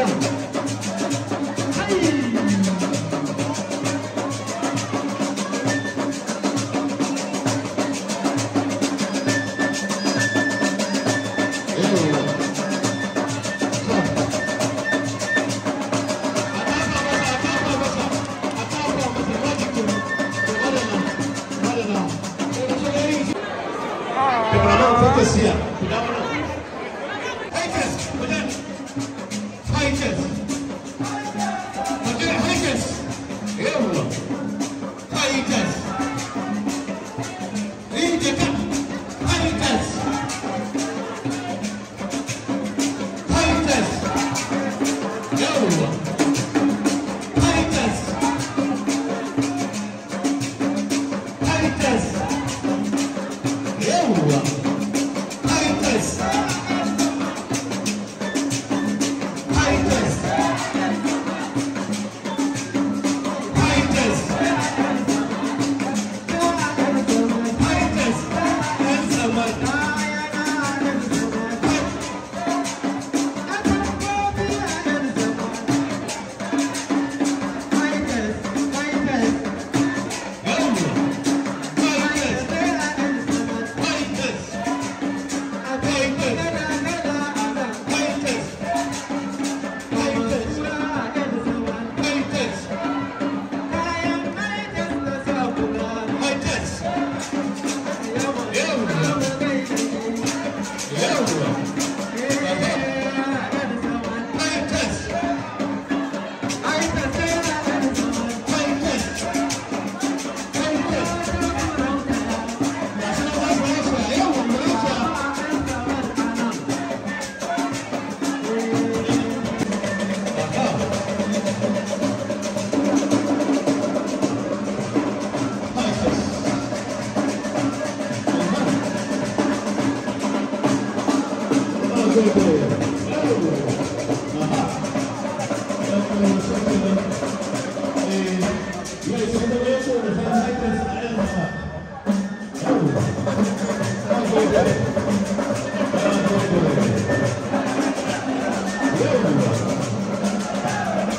chama. Aí. Não, não, fantasia. Cuidado não. Ei, Cresce, cuidado.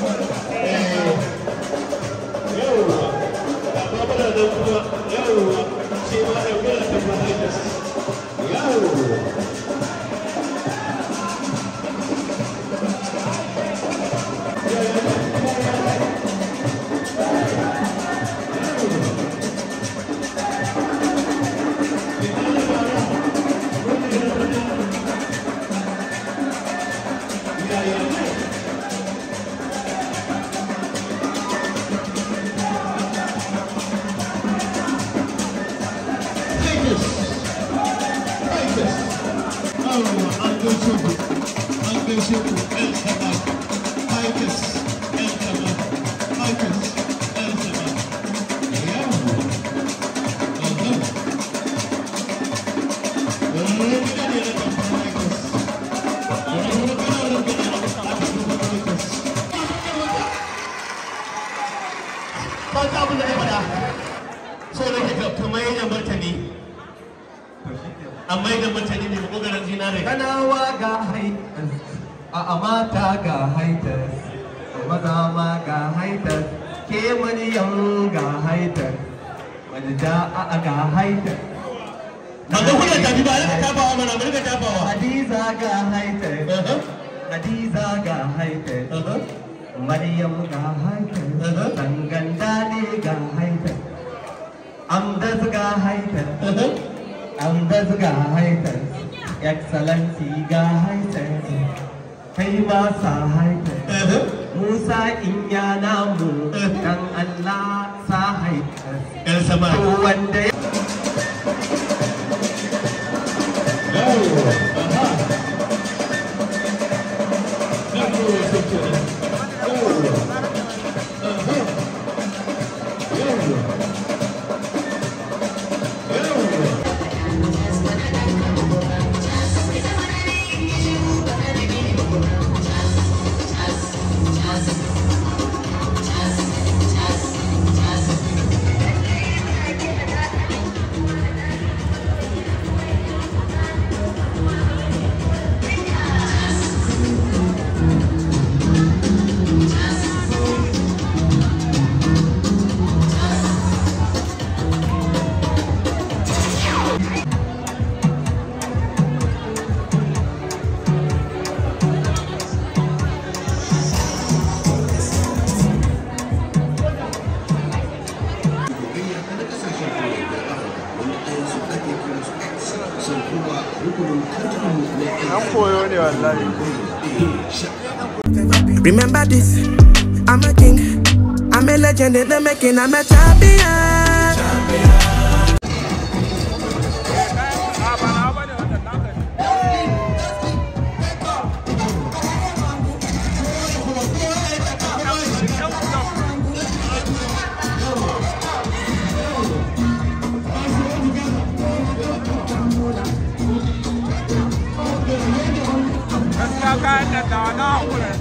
Yawwa, amma ta abin da na faɗa so da ke ka mai da martani amma da martani ne zinare kanawa ga haitas a mata ga haitas maza ma ga haitas ke maryam ga a ga haitas Kaga kuna tafi ba rika tafawa mana mu rika tafawa Hadiza ga uh-huh. Hadiza ga Mariam காஹாய்த தன் கண்டானே காஹாய்த அம்தஸ் காஹாய்த அம்தஸ் காஹாய்த excellency காஹாய்த கைவா சாஹாய்த மூசா இஞ்ஞானாமு கங் அல்லாஹ் சாஹாய்த wanda ya legend in the making, I'm a champion. champion. Let's go, guys. That's all. No,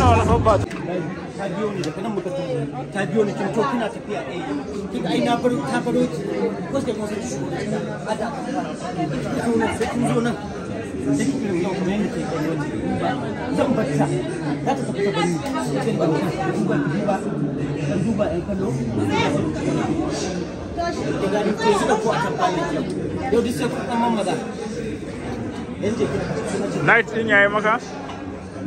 wannan wani babba ta biyo ni daga nan muka tafi ta biyo ni kina tafiya eh. ai na baro ta baro ki ko sai shi zo nan sai zo nan sai yi yau kuma ke kai wani zan za ta tafi ta bari sai ba duba duba duba ɗan kallo ko suka ko a tabbani yau duk sai kun ɗan Night din yayi maka?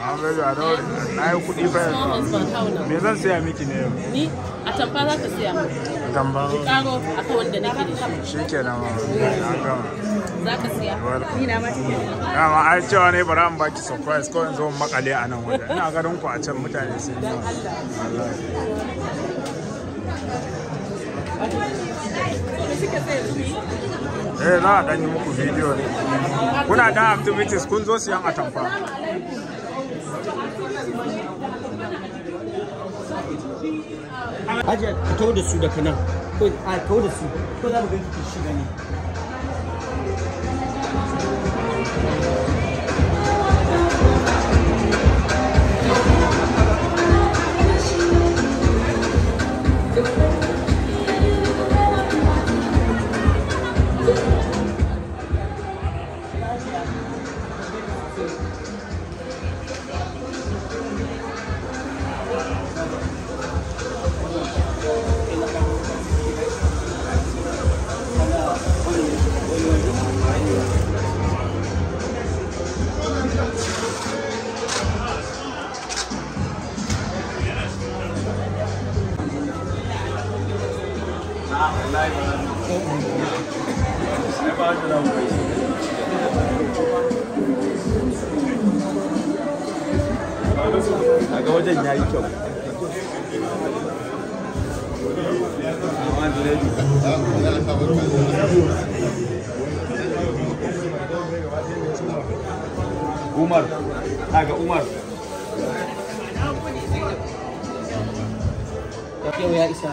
Muhammadu a daure na yi kuɗi fa Me zan siya miki ne yau? Ni a tamfa za ka siya. A tamfa. Karo a kan wanda nake da shi. Shi ke nan ma. Za ka siya. Ni na ma take da. Dama ai cewa ne bara mu baki surprise ko in zo makale a nan wajen. Ina garin ku a can mutane sun yi. Dan Allah. Eh za a ɗan yi muku bidiyo ne. Kuna da activities kun zo siyan atamfa. Hajiya a tawo da su daga nan. Ko a tawo da su. Ko za mu ganki ki shiga ne. ya yi kyau umar aga umar é isa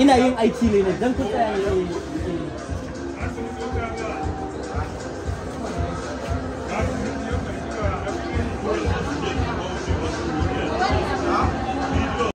ina yin aiki ne don ya yi.